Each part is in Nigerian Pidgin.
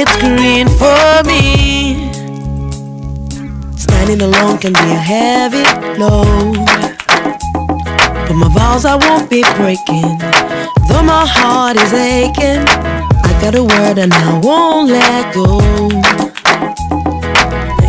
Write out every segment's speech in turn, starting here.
it's green for me. Standing alone can be a heavy load. But my vows I won't be breaking. Though my heart is aching, I got a word and I won't let go.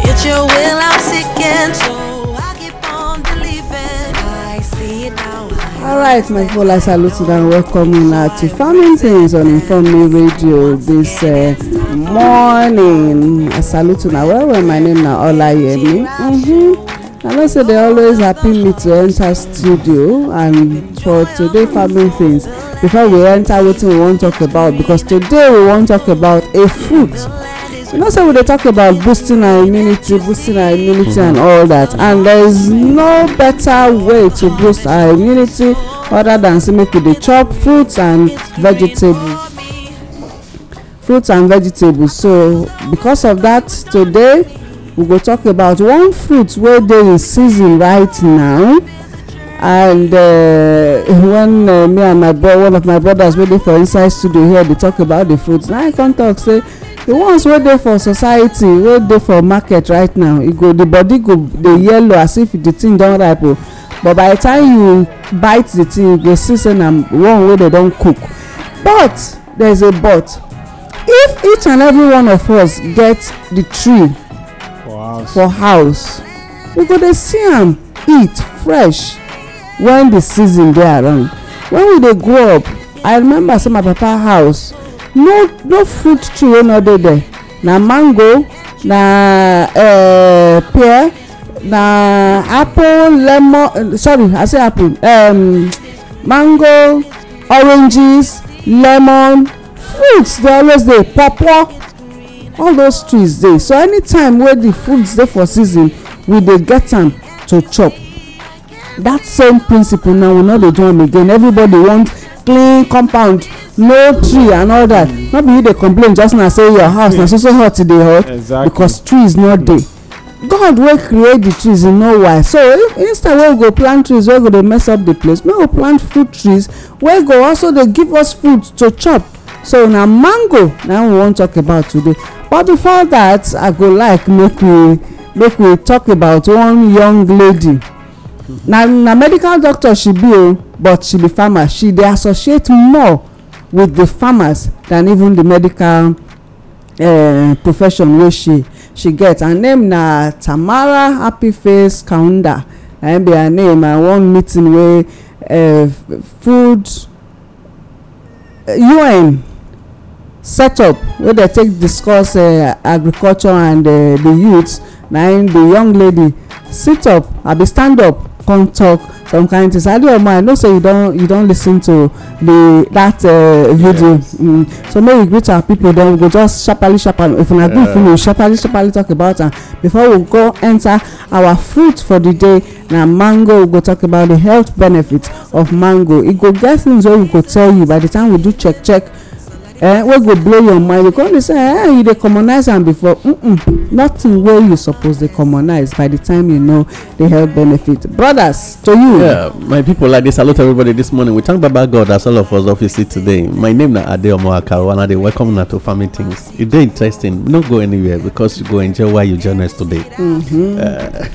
It's your will I'm seeking, so I keep on believing. I see it now. Alright, my people, I salute you and welcome you now to Farming Things on Inform Me Radio this uh, morning i salute una well well my name na olayemi mm-hmm. i know say dey always happy me to enter studio and for today farming things before we enter wetin we wan talk about because today we wan talk about a fruit you know say we dey talk about boosting our immunity boosting our immunity mm-hmm. and all that and there is no better way to boost our immunity other than say make we dey chop fruits and vegetables fruits and vegetables so because of that today we go talk about one fruit wey dey in season right now and uh, when uh, me and my bro one of my brothers wey dey for inside studio here dey talk about the fruit na i come talk say the ones wey dey for society wey dey for market right now e go the body go dey yellow as if the thing don ripe o oh. but by the time you bite the thing you go see say na one wey dey don cook but there is a but if each and every one of us get the tree for house, for house we go dey see am eat fresh when the season dey around when we dey grow up i remember say my papa house no no fruit tree wey no dey there na mango na uh, pear na apple lemon uh, sorry i say apple um, mango oranges lemon fruits dey always dey pawpaw all those trees dey so anytime wey the fruits dey for season we dey get am to chop that same principle now we no dey do am again everybody want clean compound no tree and all that no be you dey complain just now say your house na so so hot e dey hot because trees no dey god wey create the trees e know why so instead wey we go plant trees wey go dey mess up the place make we plant fruit trees wey go also dey give us food to chop so na mango na we wan talk about today but before that i go like make we make we talk about one young lady na na medical doctor she be o but she be farmer she dey associate more with the farmers than even the medical uh, profession wey she she get her name na tamara happyface kaunda na be her name i one meeting wey uh, food un set up wey dem take discuss eh, agriculture and eh, the youths na im di young lady sit up abi stand up come talk some kind of. things adeoma mind? know say you don't. you don't listen to the that uh, video yes. mm. so maybe we greet our people then we go just sharparly sharparly if una gree finish sharparly sharparly talk about am before we go enter our fruit for the day now mango we go talk about the health benefits of mango It go get things wey we go tell you by the time we do check check Eh, wey go blow your mind you come dey say eh you dey commonize am before mm nothing wey you suppose dey commonize by the time you know the health benefit brothers to you yeah my people like dey salute everybody this morning we thank baba god as all of us obviously today my name na adeomo akawo and i dey welcome una to farming things e dey interesting no go anywhere because you go enjoy why you join us today mm-hmm. eh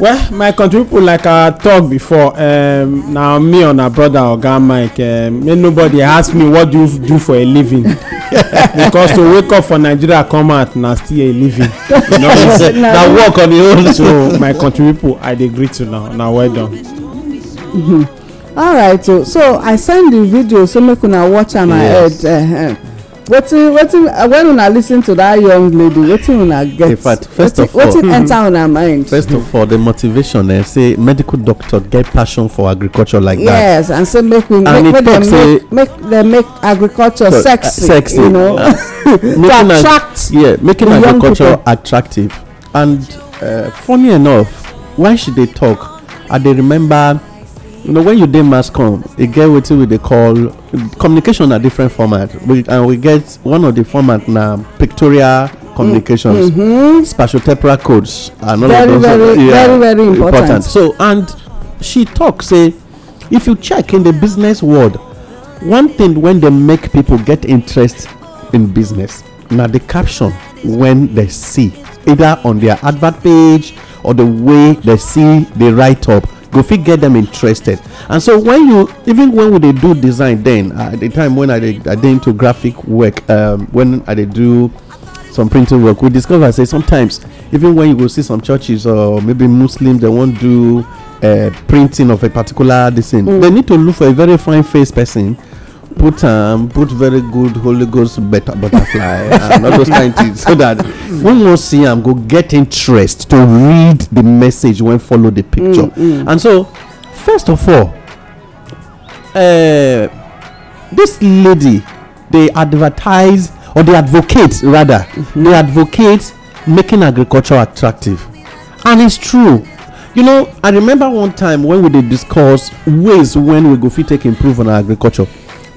well my country people like i talk before um, na me and my brother oga mike um, make nobody ask me what do you do for a living because to wake up for nigeria come out na still a living you know a, na, na work on your own so my country people i dey greet you now na well done. Mm-hmm. all right so, so i send the video so make una watch am ahead. Yes. Uh-huh. wetin wetin uh, when una lis ten to that young lady wetin una get in fact first of all wetin enter una mind first of all the motivation eh say medical doctor get passion for agriculture like that yes and say make we eh, make make make make agriculture uh, sexy sexy you know ah. to attract yeah making agriculture attractive and uh, funny enough why she dey talk i dey remember you know when you did mass com it get you with the call communication a different format and we get one of the format now pictorial communications mm-hmm. spatial temporal codes and all of those very very important so and she talks say if you check in the business world one thing when they make people get interest in business now the caption when they see either on their advert page or the way they see the write up go fit get them interested and so when you even when we dey do design then at the time when i dey into graphic work um, when i dey do some printing work we discover say sometimes even when you go see some churches or maybe muslims dem wan do uh, printing of a particular design. thing mm. they need to look for a very fine face person put um, put very good Holy Ghost better butterfly and uh, all those kind things, so that when you see am go get interest to read the message when follow the picture. Mm, mm. And so, first of all, uh, this lady they advertise or they advocate rather mm-hmm. they advocate making agriculture attractive, and it's true. you know i remember one time when we dey discuss ways when we go fit take improve on our agriculture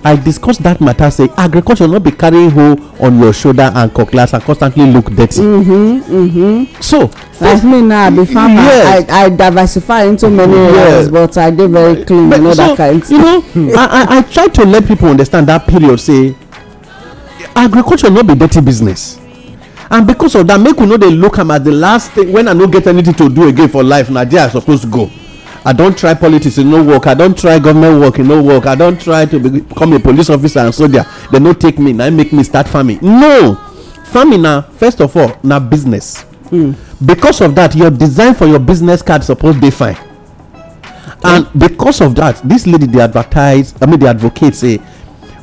i discuss that matter say agriculture no be carry hoe on your shoulder and cutlass and constantly look dirty mm-hmm, mm-hmm. so as me now i be farmer i I diversify into many areas but i dey very clean You know and other kinds you know hmm. i i try to let people understand that period say agriculture no be dirty business and because of that make we no they look am as the last thing when i no get anything to do again for life Now there i suppose go i don't try politics e no work i don't try government work e no work i don't try to become a police officer and soldier They no take me Now make me start farming no farming now. first of all now business hmm. because of that your design for your business card suppose be fine and because of that this lady they advertise i mean they advocate say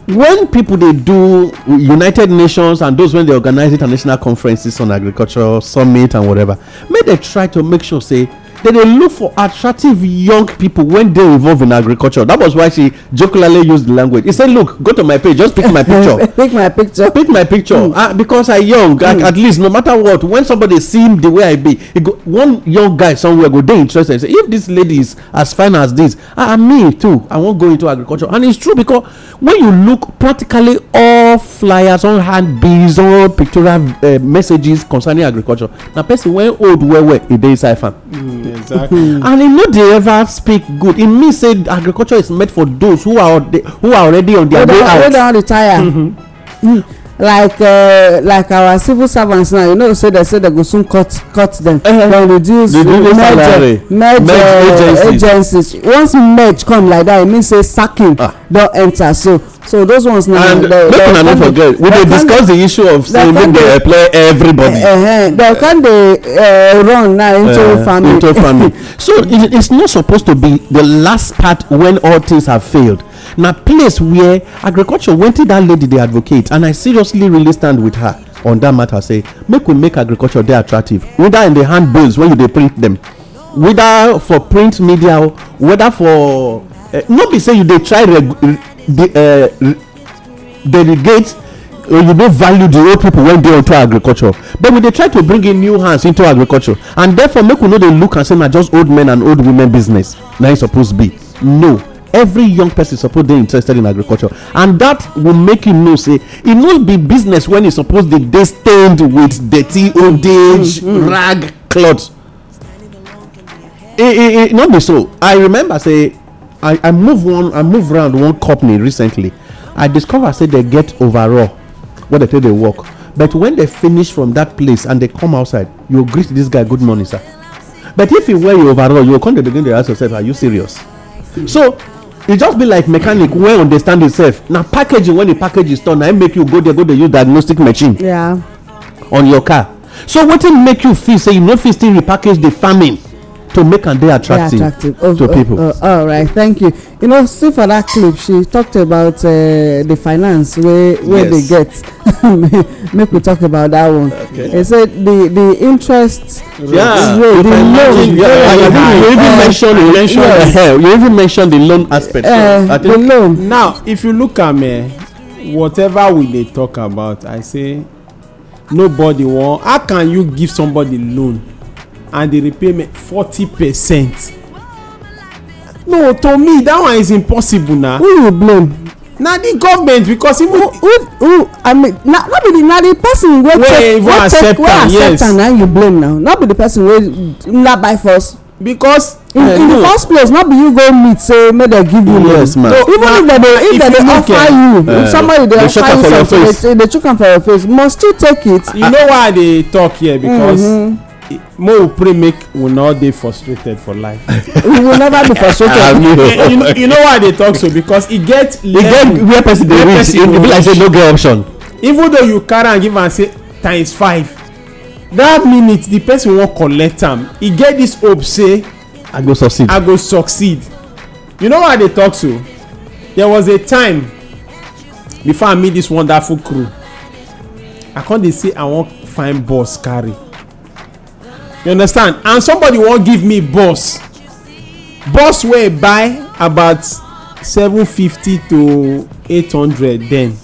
when people they do united nations and those when they organize international conferences on agriculture summit and whatever May they try to make sure say They dey look for attractive young people when they involve in agriculture that was why she jocularly used the language he said, look go to my page just pick my picture pick my picture pick my picture mm. uh, because i young mm. I, at least no matter what when somebody see me the way i be go, one young guy somewhere go dey interested say if this lady is as fine as this ah uh, me too i wan go into agriculture and it's true because when you look practically all flyers on handbills on pictorial uh, messages concerning agriculture Now, person wey old where where he dey inside farm. Mm. Yeah exactly hmm. and e no dey ever speak good e mean say agriculture is made for those who are who are already on their way out wey don retire mm-hmm. hmm. like uh, like our civil servants now you know say they say they go soon cut cut dem dem uh-huh. reduce merge merge uh, agencies once merge come like that e mean say sacking ah. don enter so so those ones na. and make una no forget we dey discuss the issue of say make dey employ everybody. dem come dey run now into eh, family. into family so it is not supposed to be the last part when all things have failed na place where agriculture wetin that lady dey advocate and i seriously really stand with her on that matter say make we make agriculture dey attractive whether in the hand bills when you dey print them whether for print media whether for eh, no be say you dey try de uh, delegate uh, you no value the old people wey dey into agriculture but we dey try to bring in new hands into agriculture and therefore make we no dey look am say na just old men and old women business na e suppose be no every young person suppose dey interested in agriculture and that go make you know say e no be business when e suppose dey dey stained with dirty old age mm-hmm. mm-hmm. rag cloth e eh, e eh, e eh, no be so i remember say i i move one i move around one company recently i discover say they get overall what they tell they work but when they finish from that place and they come outside you greet this guy good morning sir but if you wear your overall you come to the begin dey ask yourself are you serious so it just be like mechanic wey understand itself Now packaging when the package is done I make you go there go there, use diagnostic machine yeah. on your car so what it make you feel say you no fit still repackage the farming to make am dey attractive, attractive. Oh, to oh, people. Oh, all right, thank you. You know, see for that clip, she talked about uh, the finance where where yes. they get. make we talk about that one. Okay. He said the the interest. Yeah. Rate, the loan. Yeah, you even uh, mentioned you mentioned yes. the, you even mentioned the loan aspect. Uh, so the loan. Now, if you look at me, whatever we dey talk about, I say nobody wan. How can you give somebody loan? and the repayment forty percent no to me that one is impossible na. who you blame. na the government because even. who who, who i mean na no be the na the person wey take wey take wey accept am na you blame now no be the person wey na buy first because. in, uh, in no. the first place no be you go meet say make dem give you loan yes, so even if dem dey if dem dey offer you uh, somebody dey offer you something dey chook am for your face must you take it. you know why i dey talk here because. Mm -hmm. Mo will pray make we not dey frustrated for life. we will never be frustrated. you, know, you know why I dey talk so because e get level. E get where person dey reach. E be like say no get option. Even though you carry am give am say times five, that minute the person wan collect am, e get this hope say. I go succeed. I go succeed. You know why I dey talk so? There was a time before I meet this wonderful crew. I come dey say I wan find bus carry you understand and somebody wan give me bus bus wey buy about seven fifty to eight hundred then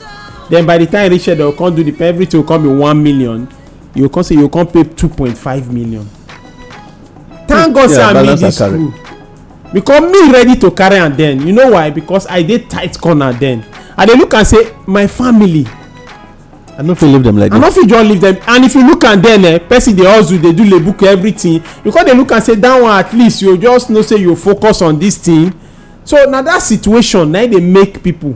then by the time reach there they go come do the pay everything go come be one million you go come say you go come pay two point five million thank hmm. god say i meet this crew because me ready to carry am then you know why because i dey tight corner then i dey look am say my family i no fit leave dem like that i no fit just leave dem and if you look am then eh person dey hustle dey do labuku everything you come dey look am say that one at least you just know say you focus on this thing so na that situation na dey make people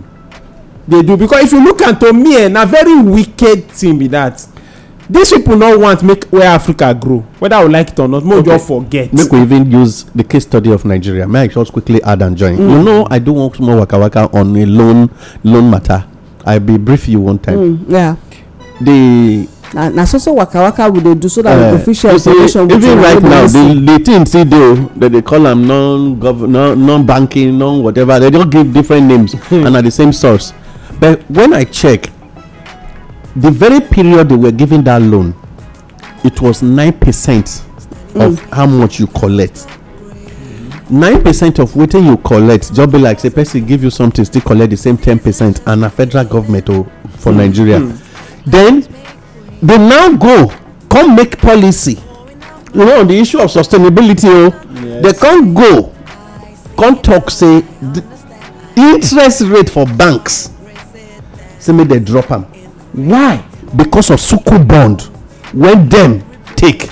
dey do because if you look am to me eh na very wicked thing be that these people no want make where africa grow whether we like it or not make okay. we just forget. make we even use the case study of nigeria may i just quickly add and join. Mm. you know i do one small waka waka on a loan loan matter i be brief you one time mm, yeah the na so so waka waka we dey do so that we eh, go fit share information with even right now the the thing still dey o dem dey call am non non non banking non whatever they just give different names and na the same source but when i check the very period they were giving that loan it was nine percent of mm. how much you collect nine percent of wetin you collect just be like say person give you something still collect the same ten percent and na federal government o for mm, nigeria mm. then they now go come make policy you know on the issue of sustainability o they come go come talk say interest rate for banks say make they drop am why because of sukuk bond wey dem take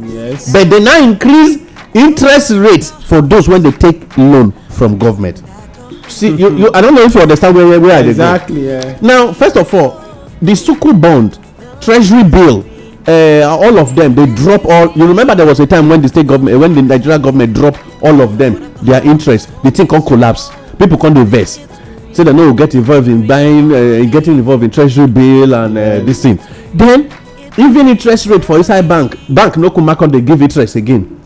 yes but dem now increase interest rate for those when they take loan from government see you, you i don't know if you understand where where exactly, i dey go exactly yeah. now first of all the sukuk bond treasury bill uh, all of them they drop all you remember there was a time when the state government when the nigerian government drop all of them their interest the thing come collapse people come dey vex say dem no go get involved in buying uh, getting involved in treasury bill and uh, this thing then even interest rate for inside bank bank no kuma come dey give interest again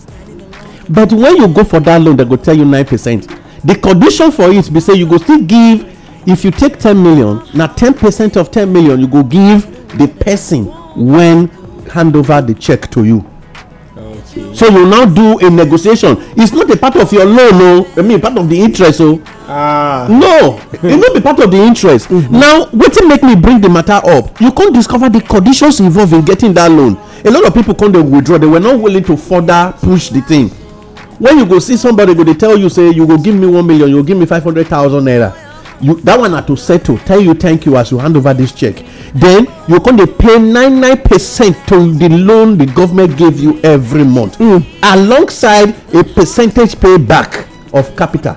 but when you go for that loan they go tell you nine percent the condition for it be say you go still give if you take ten million na ten percent of ten million you go give the person when hand over the check to you okay. so you now do a negotiation it's not a part of your loan o oh. no. i mean part of the interest o oh. ah. no it no be part of the interest mm -hmm. now wetin make me bring the matter up you come discover the conditions involved in getting that loan a lot of people come dey withdraw they were not willing to further push the thing when you go see somebody go dey tell you say you go give me one million you go give me five hundred thousand naira you that one na to settle tell you thank you as you hand over this check then you come dey pay nine nine percent to the loan the government give you every month mm. alongside a percentage payback of capital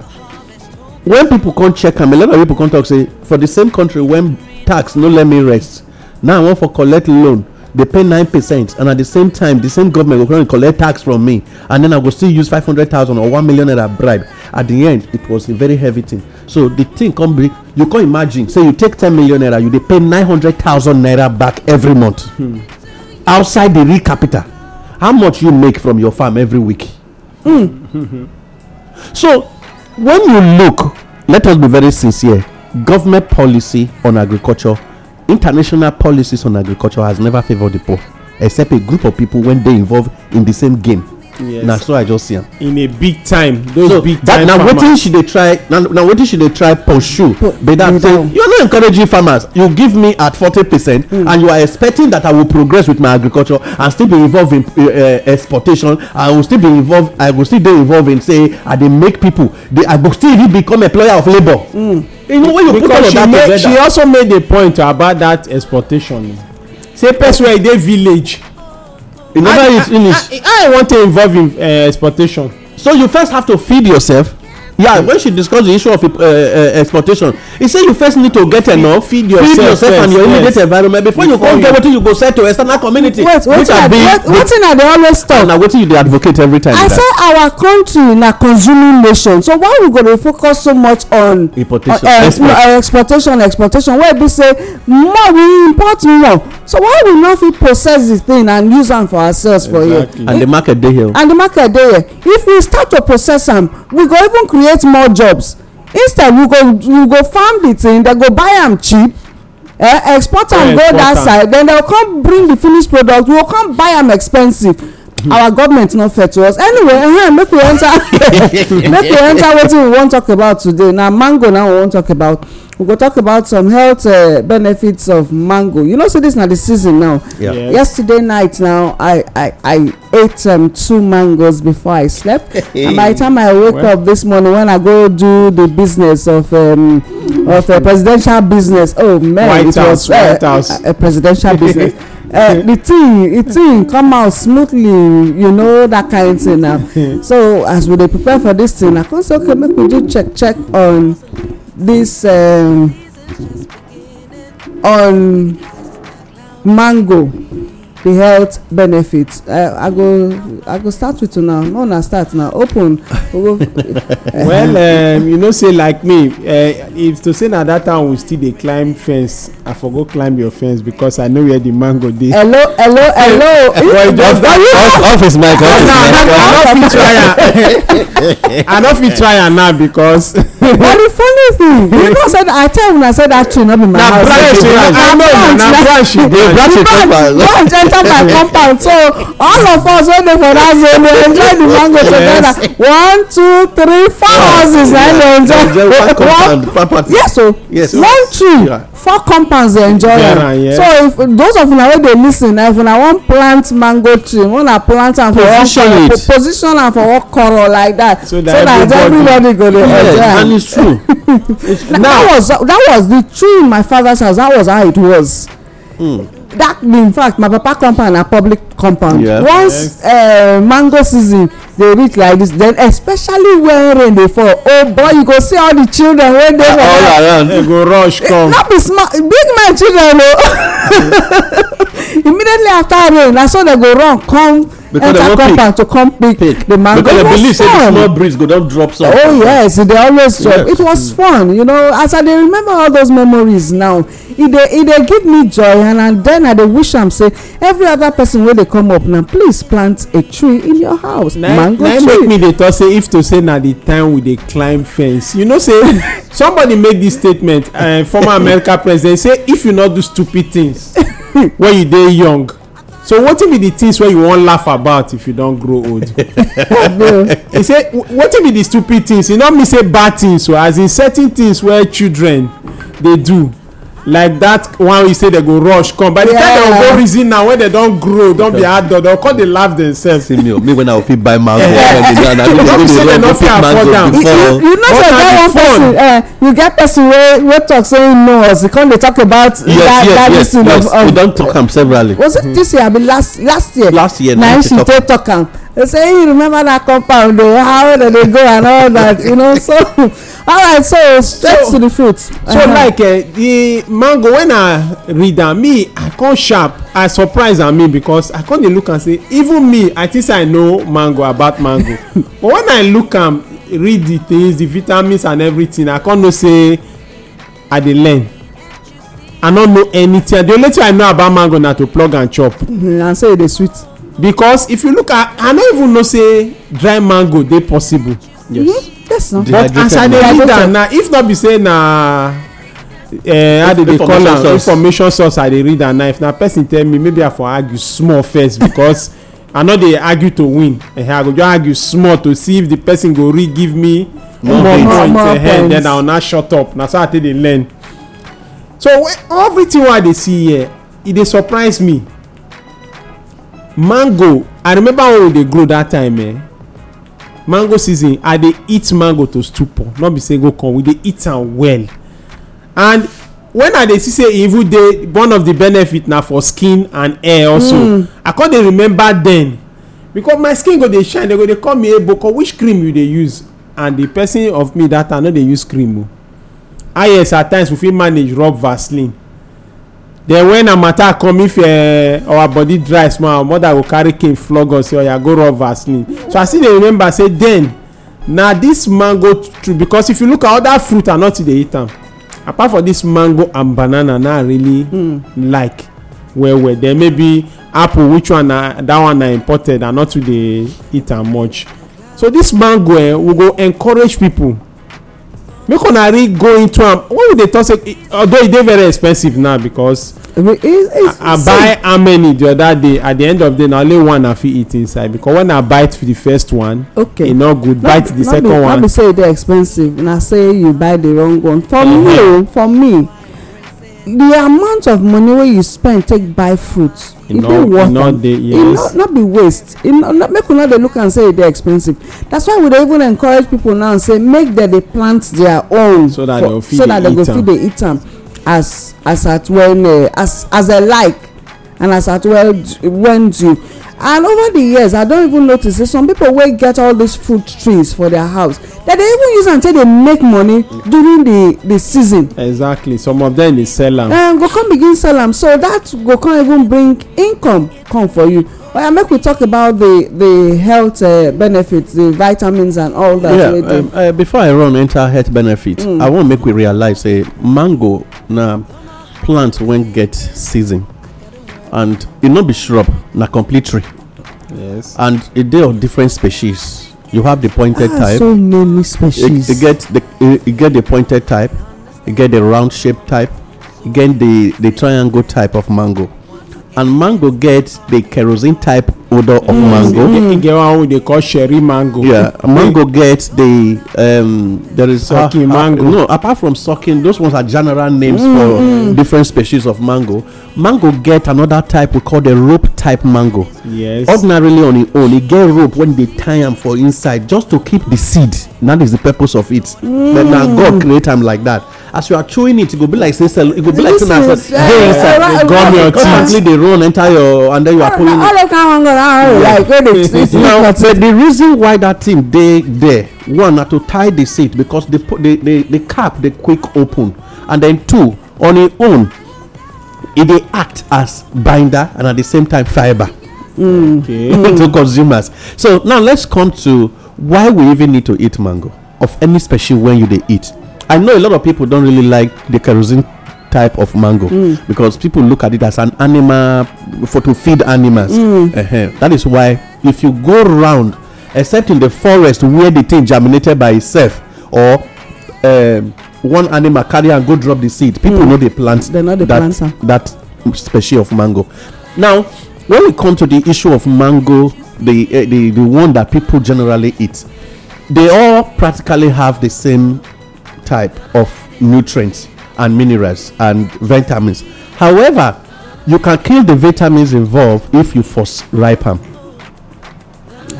when people come check am a lot of people come talk say for the same country when tax no let me rest now i wan for collect loan dey pay nine percent and at the same time the same government go come and collect tax from me and then i go still use five hundred thousand or one million naira bribe at the end it was a very heavy thing so the thing come be you come imagine say you take ten million naira you dey pay nine hundred thousand naira back every month hmm. outside the real capital how much you make from your farm every week. Mm. so when you look let us be very sincere government policy on agriculture international policies on agriculture has never favored the poor except a group of people when they involved in the same game na so i just see am in a big time those big time farmers so na wetin she dey try na wetin she dey try pursue be that say you no encouraging farmers you give me at forty percent hmm. and you are expecting that i will progress with my agriculture and still be involved in eh, eh, exportation i will still be involved i go still dey involved in say i dey make people i go still even become employer of labour hmm. you know when you put all of that together she also made a point about that exportation say person wey dey village another is finish i want to involve in uh, exploitation so you first have to feed yourself yeah hmm. when she discussed the issue of uh, uh exploitation e say you first need to get enough feed yourself and your immediate environment before you go get wetin you go sell to external community which i be wetin i dey always talk na wetin you dey advocate every time i say our country na consuming nation so why we go dey focus so much on uh, uh, exploitation exploitation wey e be say more we import more so why we no fit process the thing and use am for ourselves for here and the market dey here and the market dey here if we start to process am we go even create create more jobs instead we go we go farm the thing dem go buy am cheap eh, export am go that side then they dem come bring the finished product we go come buy am expensive hmm. our government no fair to us anyway uh, make we enter make we enter wetin we wan talk about today na mango na we wan talk about we go talk about some health uh, benefits of mango you know say this na the season now yesterday night now i i i ate um, two mangoes before i slept and by the time i wake up this morning when i go do the business of um, of a presidential business oh man White it was uh, a presidential business uh, the thing the thing come out smoothly you know that kind thing now so as we dey prepare for this thing i come say okay make we do check check on this um, on mango the health benefits i go i go start with una no una start na open well um, you know say like me uh, if to say na that time we still dey climb fence i for go climb your fence because i know where the mango dey hello hello hello but just off his mic off mic i no fit try am now because. but the funny thing you know say i tell una say that tree no be my house na branch na branch na branch e dey branch e dey enter my compound so all of us wey dey for that zone dey enjoy the mango together one two three four houses na eh, dey enjoy one yes o one tree four compounds dey enjoy am so if those of una wey dey lis ten if una wan plant mango tree una plant am for one corner position am for one corner like that so that everybody go dey enjoy am. and it's true. now that was that was the tree in my father's house that was how it was. Mm that in fact my papa compound na public compound once eh, mango season dey reach like this then especially when rain dey fall oh boy you go see all the children wey dey for all around dem go rush eh, come no be small big man children o oh. immediately after rain na so dem go run come enter compound to come pick the mango because dem believe say the small breeze go don drop some oh yes e dey always drop it was fun you know as i dey remember all those memories now e, e dey give me joy and and then i dey wish am say every other person wey dey come up now please plant a tree in your house mango tree na make me dey talk say if to say na the time we dey climb fence you know say somebody make this statement eh, former america president say if you no do stupid things when you dey young so wetin be the things wey you wan laugh about if you don grow old he say wetin be the stupid things e no mean say bad things o oh, as in certain things wey children dey do like that one we say they go rush come by the yeah. time dem go reason now when they don grow don be adult dem come dey laugh themselves. see me o oh, me when i go fit buy mango when dey down i no go dey run go fit mango before. you know say that one person uh, you get person wey wey talk say him know us he come dey talk about. yes that, yes that yes yes of, of, we don talk am severally. was it mm -hmm. this year I mean last last year. last year na she take talk am they say you remember that compound though. how did they go and all that you know so all right so straight so, to the fruit. so uh-huh. like uh, the mango when i read am me i come sharp i surprise am me because i can't dey look and say even me at least i know mango about mango but when i look and read the things the vitamins and everything i can't know say i dey learn i don't know anything the only thing i know about mango na to plug and chop. Mm -hmm, and say e dey sweet because if you look at i no even know say dry mango dey possible mm-hmm. yes yes no but as i dey read am na if not be say na eh, how dey dey call am information source i dey read am now if na person tell me maybe i for argue small first because i no dey argue to win i go just argue small to see if the person go really give me more points ahead then i will na shut up na so i take dey learn so everything wey i dey see here e dey surprise me mango i remember when we dey grow that time eh mango season i dey eat mango to stupor no be say go come we dey eat am well and when i dey see say e even dey one of the benefit na for skin and hair also mm. i come dey remember then because my skin go dey shine they go dey call me boko. which cream you dey use and the person of me that time no dey use cream o ah yes at times we fit manage rub vaseline then when harmattan come if uh, our body dry small our mother go carry cane flog us say oya go rub vaseline so i still dey remember say then na this mango tree, because if you look at other fruit i no too dey eat am apart from this mango and banana na really mm. like well well then maybe apple which one na that one na imported i not too dey eat am much so this mango eh we go encourage people make una really go into am when we dey talk say although e dey very expensive now because i buy how many the other day at the end of the day na only one i fit eat inside because when i bite the first one okay, e no good bite the second one not be say e dey expensive na say you buy the wrong one for uh-huh. me for me the amount of money wey you spend take buy fruit e, e, e dey worth am e no be waste e make una dey look am say e dey expensive that's why we dey even encourage people now say make dem dey plant their own so that dem go fit dey eat am as as at when eh, as as dem like and as at well when due and over the years i don even notice say some people wey get all these fruit trees for their house dem dey even use am take dey make money during the the season. exactly some of them dey sell am. Um, go come begin sell am so that go come even bring income come for you oya make we talk about the the health uh, benefits the vitamins and all that. yeah um, uh, before i run enter health benefits mm. i wan make we realize say eh, mango na plant wey get season and e no be shrub na complete tree yes and e dey of different species you have the pointed ah, type so many species e get the e get the pointed type e get the round shape type e get the the triangle type of mango and mango get the kerosene type odor of mm. mango. e get one wey dey call sherry mango. yeah mango get the um, there is sucking uh, uh, mango. no apart from sucking those ones are general names mm, for mm. different species of mango. mango get another type we call the rope type mango. yes ordinarily on e own e get rope wey dey tie am for inside just to keep the seed that is the purpose of it. Mm. but na God create am like that as you are chewing it e go be like say cell e go be like say na cell dey inside. gum your teeth. Completely, dey run enter your and then you are pulling it down like wey dey sleep now but the reason why that thing dey there one na to tie the seat because the the the cap dey quick open and then two on im own e dey act as binder and at the same time fibre mm. to mm. consumers so now let's come to why we even need to eat mango of any special when you dey eat i know a lot of people don really like the kerosene type of mango mm. because people look at it as an animal for to feed animals. Mm. Uh-huh. That is why if you go around, except in the forest where the thing germinated by itself or um, one animal carry and go drop the seed, people mm. know they plant they know the that, that species of mango. Now, when we come to the issue of mango, the uh, the the one that people generally eat, they all practically have the same type of nutrients and minerals and vitamins however you can kill the vitamins involved if you force ripe them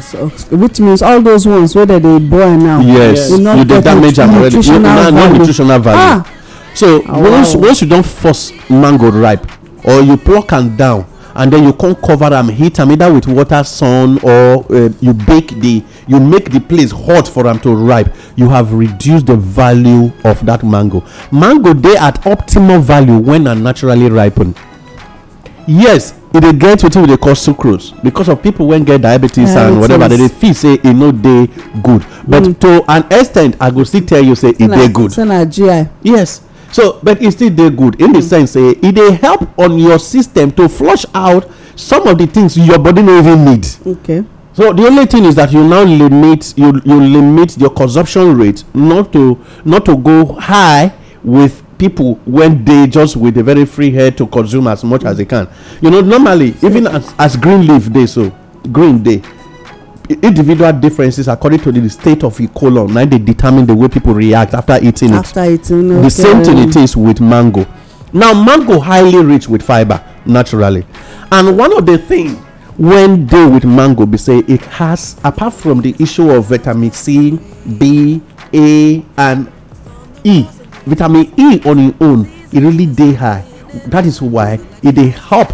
so, which means all those ones wey they dey boil now yes you dey damage am already you no no nutritional value ah. so oh, ah, once wow. once you don force mango ripe or you pluck am down and then you come cover am heat am either with water sun or uh, you bake the you make the place hot for am to ripe you have reduced the value of that mango mango dey at optimal value when am naturally ripen yes e dey get wetin we dey call sucrose because of people wey get diabetes and whatever dem dey feel say e no dey good but mm. to an extent i go still tell you say e dey good so na gi yes so but e still dey good in the mm. sense say e dey help on your system to flush out some of the things your body no even need okay So the only thing is that you now limit you you limit your consumption rate not to not to go high with people when they just with a very free head to consume as much as they can. You know, normally even as, as green leaf day, so green day, individual differences according to the state of the colon now they determine the way people react after eating after it. After eating, okay. the same thing it is with mango. Now mango highly rich with fiber naturally, and one of the things when they with mango be say it has apart from the issue of vitamin c b a and e vitamin e on its own e really dey high that is why e dey help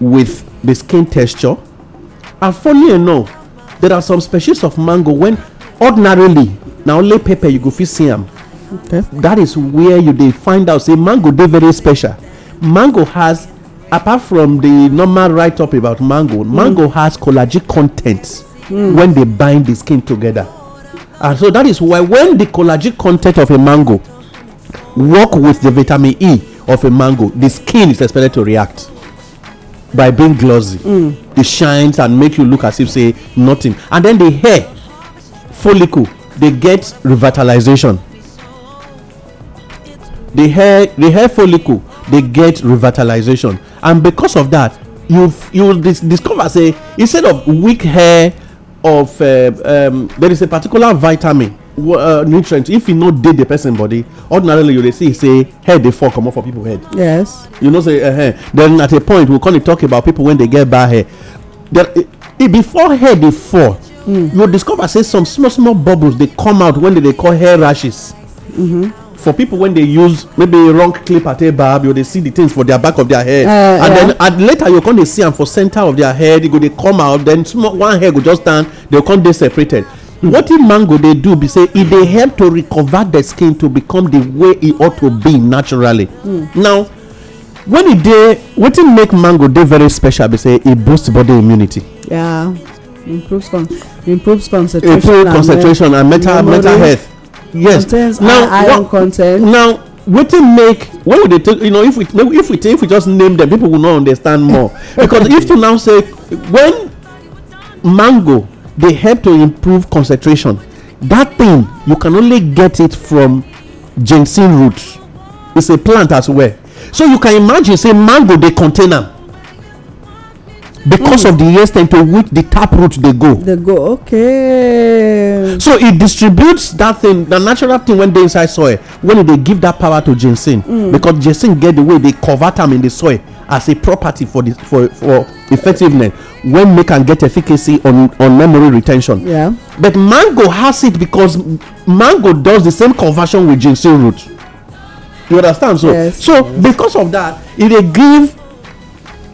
with the skin texture and funny enough there are some species of mango when ordinarily na only pepper you go fit see am that is where you dey find out say mango dey very special mango has apart from the normal write up about mango mango hmm. has collagen content hmm. when they bind the skin together and so that is why when the collagen content of a mango work with the vitamin e of a mango the skin is expected to react by being glossy mm. the shines and make you look as if say nothing and then the hair follicle they get revitalization the hair the hair follicle they get revitalization and because of that you you discover say instead of weak hair of uh, um, there is a particular vitamin uh, nutrient if e no dey the person body ordinarily you dey see say hair dey fall comot for people head yes you know say -huh. then at a point we come dey talk about people wey dey get bad hair before hair dey fall hmm. you discover say some small small bubbles dey come out when they dey call hair rashes mm-hmm for people when they use maybe wrong clip at a barb, you they see the things for their back of their head, uh, and yeah. then at later you come they see and for center of their head, you go they come out, then small, one hair go just stand, they come they separated. Hmm. What in mango they do be say it e they help to recover the skin to become the way it e ought to be naturally. Mm. Now, when it e they what it make mango they very special be say it boosts body immunity. Yeah, improves con- improves concentration, improves concentration and, eh, and mental mental health yes content now, and iron content now wetin make when we dey take you know if we if we if we just name them people will not understand more because if you now say when mango dey help to improve concentration that thing you can only get it from ginseng root it's a plant as well so you can imagine say mango dey contain am because mm. of the extent to which the tap root dey go dey go okay. so e distributes that thing the natural thing wey dey inside soil when e dey give that power to ginseng mm. because ginseng get the way dey convert am in the soil as a property for the for for effectiveness when make am get efficacy on on memory retention yeah but mango has it because mango does the same conversion with ginseng root you understand so so because of that e dey give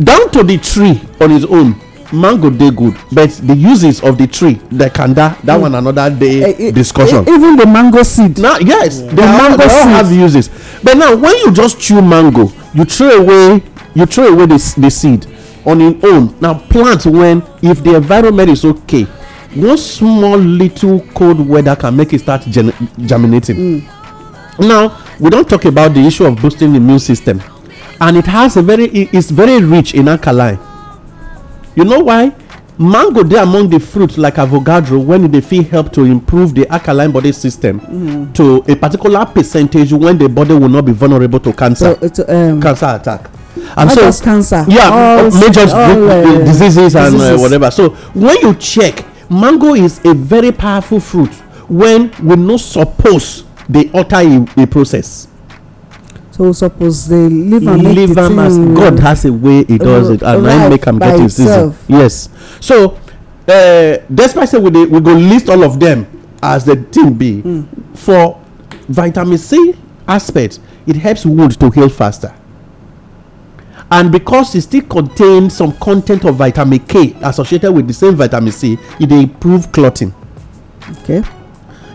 down to the tree on its own mango dey good but the uses of the tree the kanda that mm. one another day uh, discussion. E, even the mango seed. now yes hmm. yeah. the mango all, seed have uses but now when you just chew mango you throw away you throw away the, the seed on its own now plant when if the environment is okay one small little cold weather can make it start germinating. Mm. now we don talk about the issue of boosting the immune system and it has a very is very rich in alkaline you know why mango dey among the fruit like avogadro when dey fit help to improve the alkaline body system mm. to a particular percentage when the body will not be vulnerable to cancer um, cancer attack and so cancer yeah major uh, uh, diseases and uh, whatever so when you check mango is a very powerful fruit when we no suppose dey alter a process so suppose dey leave am make leave am as god has a way he does it and na him make am get him season yes so uh, despite say we dey we go list all of them as the thing be mm. for vitamin c aspect it helps wound to heal faster and because e still contain some content of vitamin k associated with the same vitamin c e dey improve clotting okay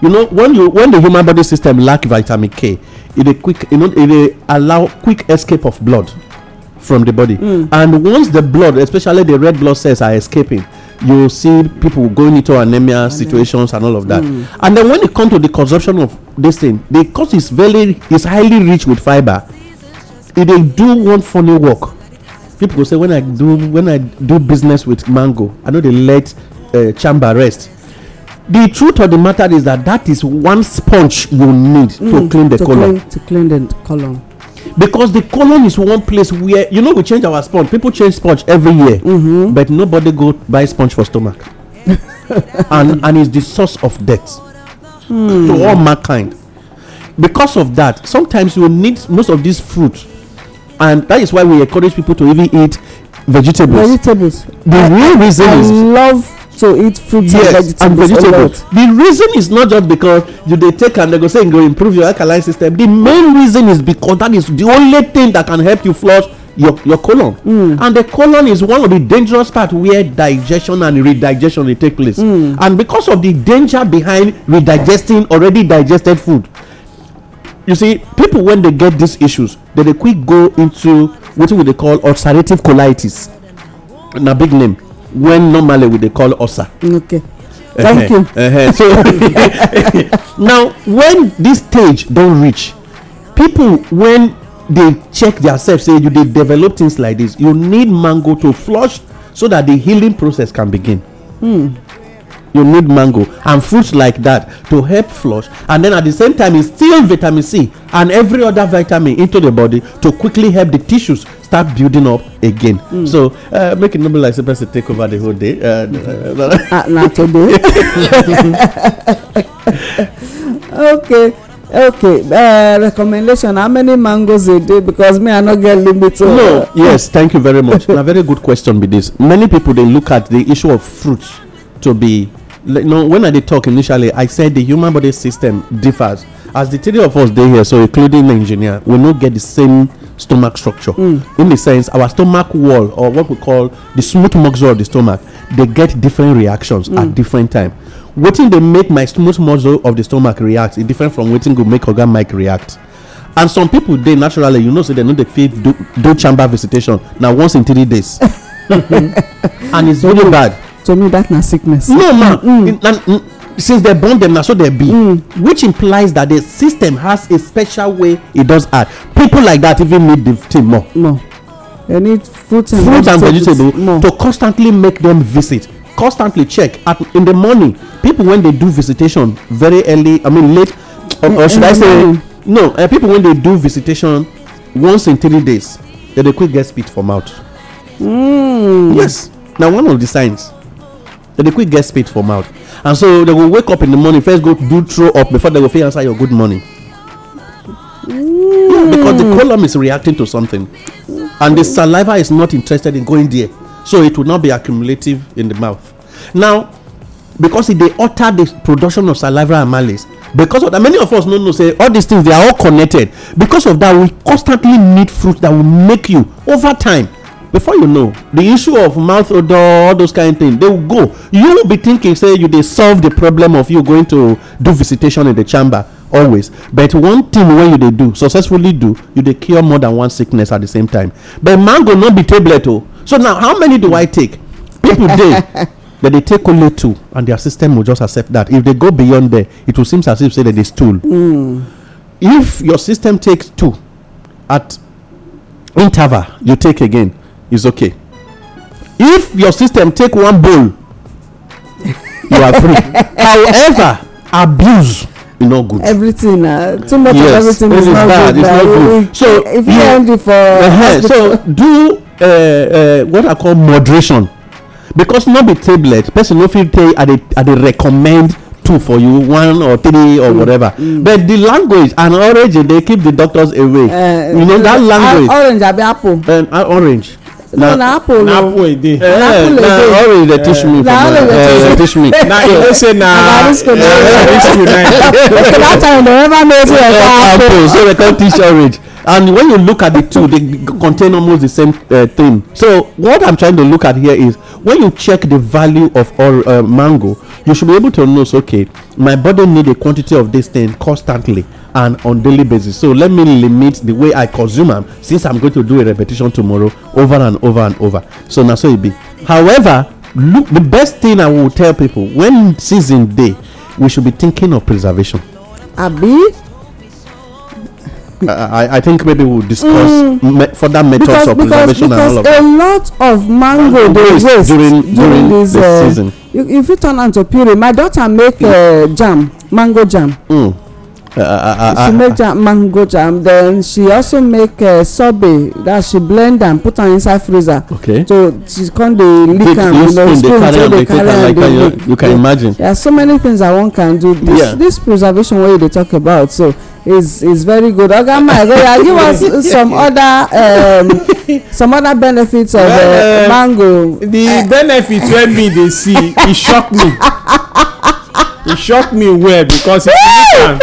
you know when you when the human body system lack vitamin k It a quick you e dey allow quick escape of blood from the body hmm. and once the blood especially the red blood cells are escaping you see people going into anemia situations and all of that hmm. and then when it comes to the consumption of this thing because it's very it's highly rich with fiber it they do one funny work people say when i do when i do business with mango i know they let uh, chamber rest the truth of the matter is that that is one sponge you need mm, to clean the to column clean, to clean the colon, because the colon is one place where you know we change our sponge people change sponge every year mm-hmm. but nobody go buy sponge for stomach and and it's the source of death mm. to hmm. all mankind because of that sometimes you need most of this fruit and that is why we encourage people to even eat vegetables vegetables the I, real reason I is love to eat fruits yes, and vegetables and vegetables the reason is not just because you dey take am dem go say e go improve your alkaline system the main reason is because that is the only thing that can help you flush your your colon mm. and the colon is one of the dangerous part where digestion and redigestion dey take place mm. and because of the danger behind redigesting already digested food you see people when they get these issues they dey quick go into wetin we dey call ulcerative colitis na big name when normally we dey call osa. okay thank you. so now when this stage don reach people when dey check themselves say you dey develop things like this you need mango to flush so that the healing process can begin. Hmm. you need mango and fruits like that to help flush and then at the same time e still vitamin c and every other vitamin into the body to quickly help the tissues start building up again hmm. so uh, make it no like supposed to take over the whole day uh, hmm. uh, Not today okay. okay uh, recommendation how many mangoes a day because me i no get limited. no yes thank you very much A very good question be this many people they look at the issue of fruit to be no, when I did talk initially, I said the human body system differs. As the three of us they here, so including the engineer, we not get the same stomach structure. Mm. In the sense, our stomach wall or what we call the smooth muscle of the stomach, they get different reactions mm. at hmm. different time. Waiting they make my smooth muscle of the stomach react is different from waiting go make organ mic react. and some people dey naturally you know say dem no dey fit do do chamber visitation na once in three days and it's really bad to me that na sickness no ma mm, mm. since dem born dem na so dem be mm. which implies that the system has a special way e does add people like that even need the thing more more they need fruit and fruit and vegetable to constantly make dem visit constantly check at in the morning people when dey do visitation very early i mean late or should i say no uh, people when dey do visitation once in three days dem dey quick get spit for mouth yes na one of the signs dem dey quick get spit for mouth and so they will wake up in the morning first go do throw up before they go fit answer your good morning yeah because the column is reacting to something and the saliva is not interested in going there so it will not be accumulative in the mouth now because e dey alter the production of saliva and malice because of that many of us no know say all these things they are all connected because of that we constantly need fruit that will make you over time before you know the issue of mouth odor all those kind of things they will go you will be thinking say you dey solve the problem of you going to do visitation in the chamber always but one thing wey you dey do successfully do you dey cure more than one sickness at the same time but mango no be tablet o oh. so now how many do i take people dey dem they take only two and their system will just accept that if they go beyond there it will seem as if say dem dey stool hmm. if your system takes two at interval you take again Is okay if your system take one bowl you are free however abuse e no good everything na uh, too much of everything is not good yes only bad so if you end it for uh, so do uh, uh, what i call moderation because no be tablet person no fit tell i dey recommend two for you one or three or mm, whatever mm. but the language and orange dey keep the doctors away uh, you know that uh, language orange abi apple um, orange no na apple na apple e dey na eh, eh. orange dey teach me na orange dey teach me na e go say na orange school na that time dem never know say e go apple so dem come teach orange and when you look at the two they contain almost the same uh, eh, thing so what i'm trying to look at here is when you check the value of or, uh, mango you should be able to know okay my body need a quantity of this thing constantly and on daily basis so let me limit the way i consume am since i'm going to do a repetition tomorrow over and over and over so na so e be however look the best thing i will tell people when season dey we should be thinking of preservation. abi. I, I think maybe we'll discuss mm, me, further methods because, of preservation because, because and all of that. Because a lot of mango they waste during, during, during this, the uh, season you, you fit turn am to puree my daughter make uh, jam mango jam. Mm. Uh, uh, uh, she uh, make uh. jam mango jam then she also make uh, sorbet that she blend am put am inside freezer. okay so she come dey lick am you know spoon take dey carry am dey lick you can yeah. imagine. there are so many things i wan can do this yeah. this preservation wey you dey talk about so is is very good oga mike oya oh give us some other um, some other benefits of uh, um, mango. the eh. benefit wey me dey see e shock me e shock me well because e see am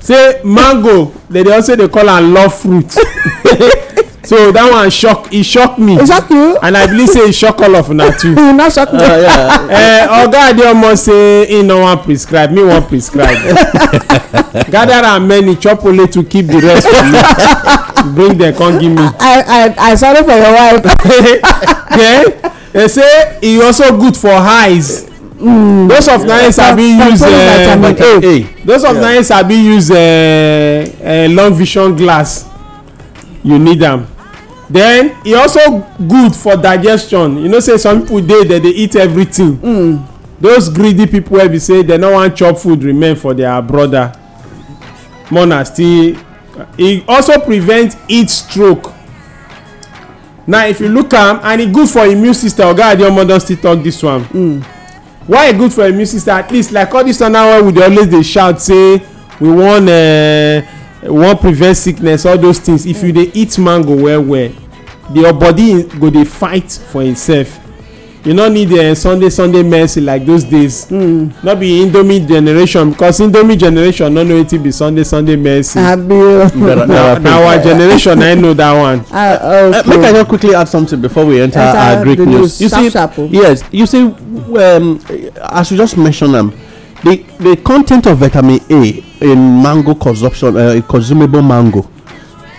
say mango dem dey also dey call am love fruit so that one shock e shock me e shock you and i believe say e shock all of una too e no shock me oh, eh, oga adeomo say e no wan prescribe me wan prescribe gather am many chop only to keep the rest for me bring dem come give me. i i i sorry for your wife. yeah? they say e also good for eyes. Mm, those of yeah. nine sabi use uh, hey, those of yeah. nine sabi use uh, uh, long vision glass you need am then e also good for digestion you know say some people dey dem dey eat everything mm. those greedy people wey be say dem no wan chop food remain for their brother mona still e also prevent heat stroke now if you look am and e good for immune system oga adeomo don still talk this one mm. why e good for immune system at least like all this one now wey we dey always dey shout say we wan. Uh, eh, wan prevent sickness all those things if you dey eat mango well well your body go dey fight for itself you no need uh, sunday sunday mercy like those days mm. no be indomie generation because indomie generation no know wetin be sunday sunday mercy. na, ah, na our uh, generation i know that one uh, okay. uh, make i just quickly add something before we enter, enter our greek news, you see oh. yes you see um, as you just mention am um, the the content of vitamin a in mango consumption uh, consumable mango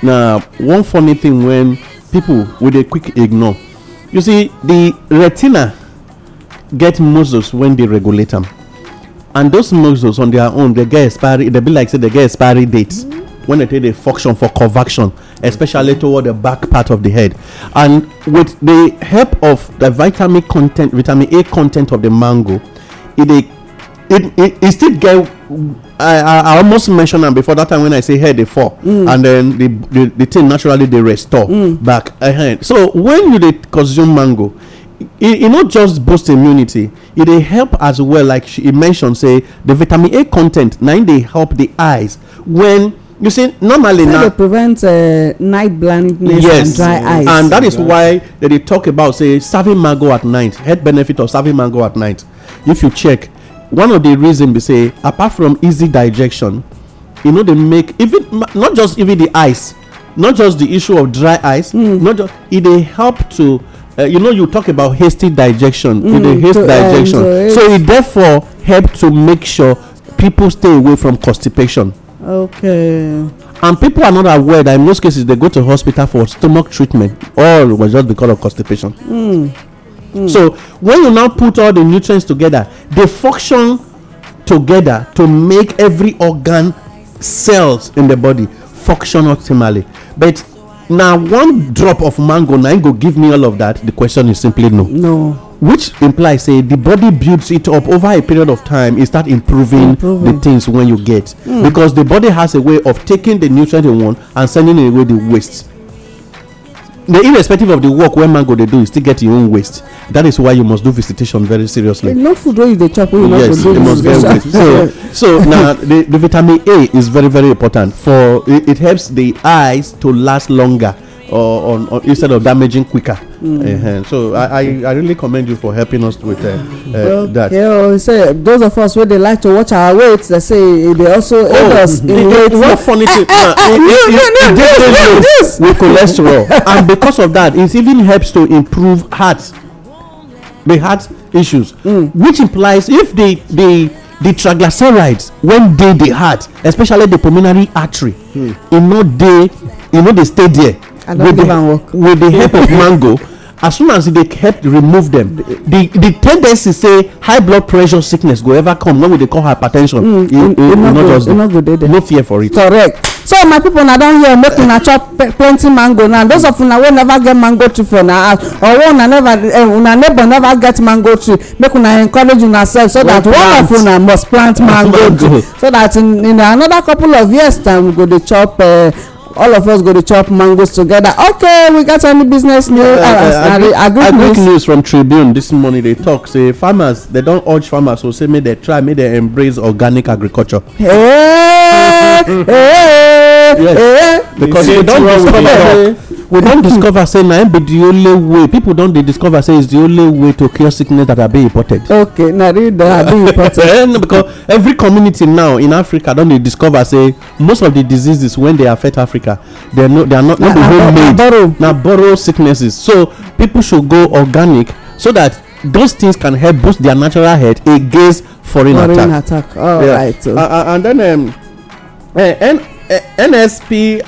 Now, one funny thing when people wey dey quick ignore you see the retina get muscles when they regulate them, and those muscles on their own they get expiry They be like say they get expiry dates when they take the function for convection especially toward the back part of the head and with the help of the vitamin content vitamin a content of the mango it. dey it it, it still get I, I, I almost mentioned am before that time when I say hair dey fall mm. and then the, the the thing naturally dey restore mm. back ahead. So when you dey consume mango, e e no just boost immunity, e dey help as well like she e mention say the vitamin A content na im dey help the eyes when you see normally na. dey prevent uh, night blindness yes, and dry eyes. Yes, and that is why they dey talk about say serving mango at night health benefit of serving mango at night. If you check one of the reason be say apart from easy digestion e no dey make even not just even the ice, not just the issue of dry eyes hmm. not just e dey help to eh, you know you talk about hasty digestion e dey hmm, haste digestion so e therefore help to make sure people stay away from constipation okay. and people are not aware that in most cases they go to hospital for stomach treatment all was just because of constipation mm. Mm. So when you now put all the nutrients together, they function together to make every organ cells in the body function optimally. But now one drop of mango now go give me all of that. The question is simply no. No. Which implies say the body builds it up over a period of time. It start improving, improving. the things when you get mm. because the body has a way of taking the nutrient in one and sending away the waste the irrespective of the work wey man go dey do you still get your own waste that is why you must do visitation very seriously. no food wey you dey chop wey you no go do visitation. so so na the the vitamin a is very very important for it, it helps the eyes to last longer or, or, or instead of damaging quicker. Mm. Uh-huh. So I, I, I really commend you for helping us with uh, uh, well, that. Yeah, well, say those of us where they like to watch our weights, they say they also aid oh, us in weight. What funny thing? With cholesterol, and because of that, it even helps to improve heart, the heart issues, mm. which implies if they they the triglycerides when dey the heart especially the pulmonary artery mm. e no dey e no dey stay there i don give am work with the help of mango as soon as they help remove them, the the tendency say high blood pressure sickness go ever come when we dey call hypertension e no just no fear for it correct so my people na don hear make una chop plenty mango now those of una wey never get mango tree for una house or wey una never eh, una neighbor never get mango tree make una encourage una sef so that one of una must plant mango tree so that in in another couple of years time we go dey chop eh, all of us go to chop mangoes together okay we got any business news uh, uh, agric news from tribune this morning They talk say farmers they don't urge farmers to say make they try make they embrace organic agriculture hey hey hey because we don't discover say we don hmm. discover say na im be the only way people don dey discover say it's the only way to cure sickness that are being imported. okay na really that are being imported. Eh, because every community now in africa don dey discover say most of the diseases wey dey affect africa they no they are not no be homemade na borrow sicknesses so people should go organic so that those things can help boost their natural health against foreign, foreign attack. attack. All yeah. right. Uh, uh, and then um, uh, and Eh, nspri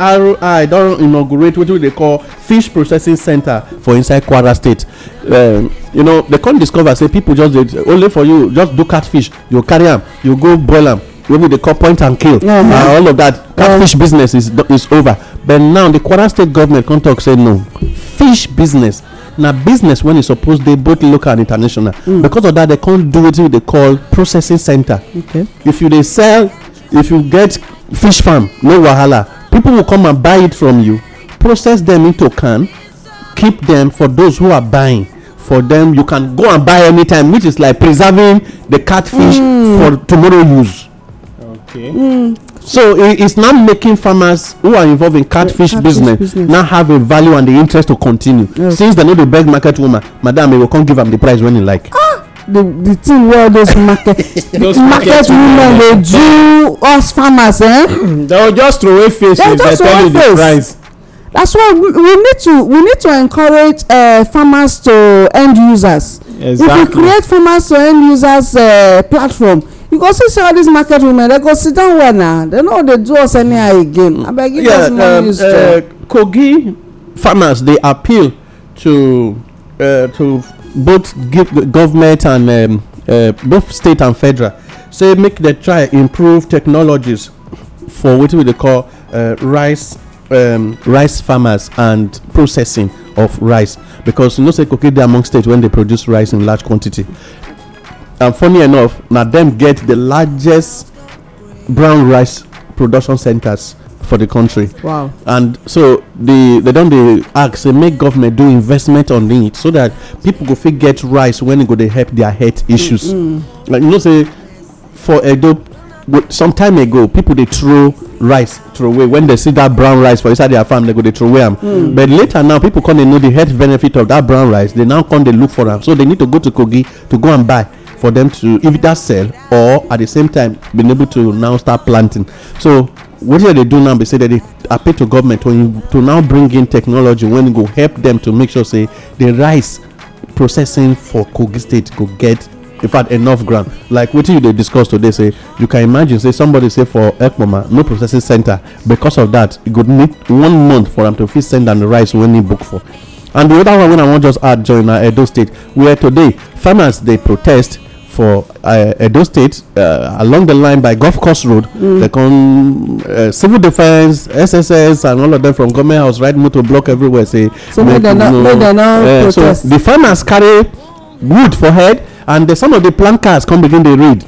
don inaugurate wetin we dey call fish processing center for inside kwara state eh, you know they come discover say people just dey only for you just do catfish you carry am you go boil am wey we dey call point and kill and all of that catfish business is is over but now the kwara state government come talk say no fish business na business wey e suppose dey both local and international mm. because of that they come do wetin we dey call processing center. Okay. if you dey sell if you get fish farm no wahala people will come and buy it from you process them into can keep them for those who are buying for them you can go and buy anytime which is like preserving the catfish mm. for tomorrow use okay mm. so it, it's now making farmers who are involved in catfish, catfish business, business, now have a value and the interest to continue yes. since they know the big market woman madam we will come give them the price when you like ah! the the thing wey all those market those market women dey do us farmers eh. they will just throw away face if they tell you the price. that's why we, we need to we need to encourage uh, farmers to end users. exactly if we create farmers to end users uh, platform you go see say all these market women They go sit down well now? They no dey do us anyhow again abeg give yeah, us more um, news uh, kogi farmers dey appeal to uh, to both government and um, uh, both state and federal say make dem try improve technologies for what we dey call uh, rice um, rice farmers and processing of rice because you know say cocaine dey among states when they produce rice in large quantity and funny enough na them get the largest brown rice production centers for the country. Wow. And so they they don't they ask they make government do investment on it so that people go fit get rice when it e go they help their health issues. Mm-hmm. Like you know say for Edo some time ago people they throw rice throw away when they see that brown rice for inside their farm they go they throw away them. Mm. But later now people come they know the health benefit of that brown rice they now come they look for them so they need to go to Kogi to go and buy for them to if either sell or at the same time being able to now start planting. So wetin dem dey do now be say dem dey appeal to government to to now bring in technology wey go help dem to make sure say the rice processing for kogi state go get in fact enough ground like wetin you dey discuss today say you can imagine say somebody say for ekpoma no processing center because of that e go need one month for am to fit send am the rice wey e book for and the other one wey i wan just add join na uh, edo state where today farmers dey protest for uh, Edo State uh, along the line by Golf Course Road. Mm. They come uh, civil defense, SSS, and all of them from government house ride motor block everywhere. Say, so make, they no, make they now uh, So the farmers carry wood for head, and the, some of the plant cars come begin to read.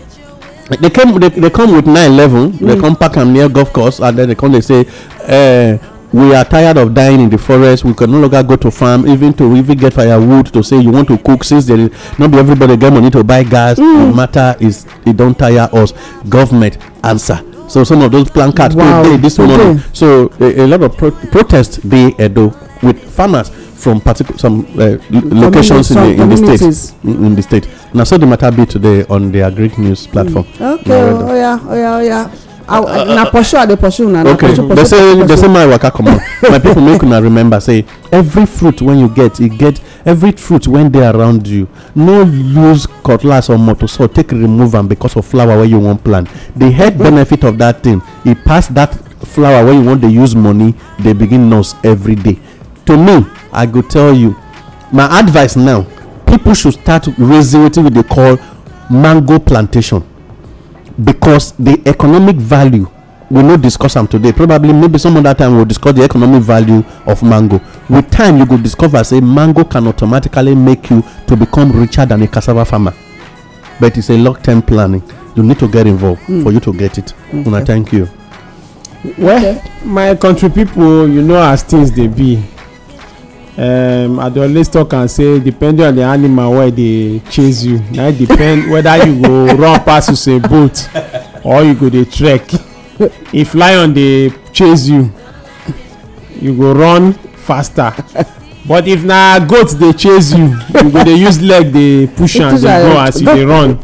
They came. They, they come with nine eleven. Mm. They come park am near golf course, and then they come. They say, uh, we are tired of dying in the forest we can no longer go to farm even to even get firewood to say you want to cook since there is not be everybody get money to buy gas mm. the matter is e don tire us government answer so some of those placards wow. dey this okay. morning so a, a lot of pro protest dey edo with farmers from particular some uh, locations in the, in the state in the state na so the matter be today on the agric news platform. Mm. okay oya oya oya. Uh, uh, na uh, pursue i dey pursue una na pursue pursue pursue they say my waka comot my people make una remember say every fruit wey you get e get every fruit wey dey around you no lose cutlass or motor saw. take remove am because of flower wey you wan plant the head benefit of that thing e pass that flower wey you wan dey use money dey begin nurse every day to me i go tell you my advice now people should start raising wetin we dey call mango plantation because the economic value we no discuss am today probably maybe some other time we'll discuss the economic value of mango with time you go discover say mango can automatically make you to become richer than a cassava farmer but it's a long-term planning you need to get involved mm. for you to get it okay. una thank you well okay. my country people you know as things dey be um, i dey always talk am say depending on the animal wey dey chase you na depend whether you go run pass with a boat or you go dey trek if lion dey chase you you go run faster but if na goat dey chase you you go dey use leg dey push am dey go as you dey run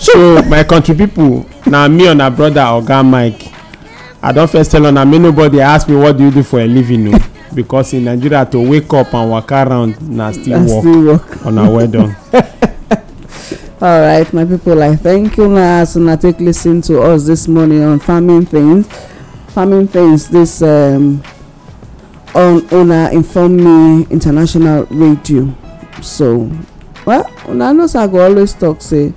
so my country people na me and my brother oga mike i don first tell una make nobody ask me what do you do for a living o because in nigeria to wake up and waka around, na still work on our well done all right my people i thank you na as una take listen to us this morning on farming things farming things this um, on una inform me international radio so well una know say i go always talk say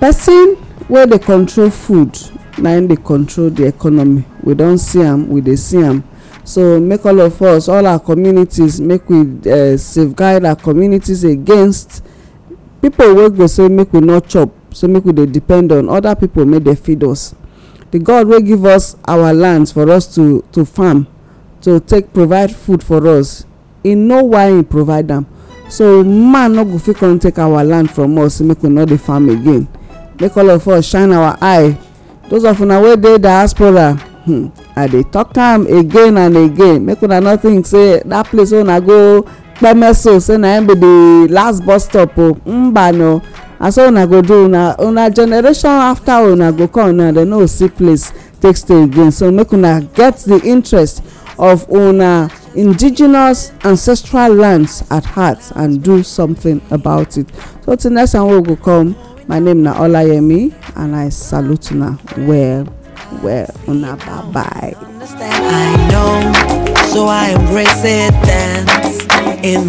person wey dey control food na im dey control the economy we don see am we dey see am so make all of us all our communities make we eh, safeguard our communities against people wey go say make we not chop so make we dey depend on other people make dey feed us the god wey give us our lands for us to to farm to take provide food for us He know why he provide am so man no go fit come take our land from us make we no dey farm again make all of us shine our eye those of una wey dey diaspora hmm, i dey talk am again and again make una no think say dat place wey una go peme so say na im be di last bus stop o no. na so una go do una generation after una go come now dem no see place take stay again so make una get the interest of una indigenous ancestral lands at heart and do something about it so till next time wey go come my name na olayemi and i salute una well well, not bye bye. I know, so I embrace it, dance in the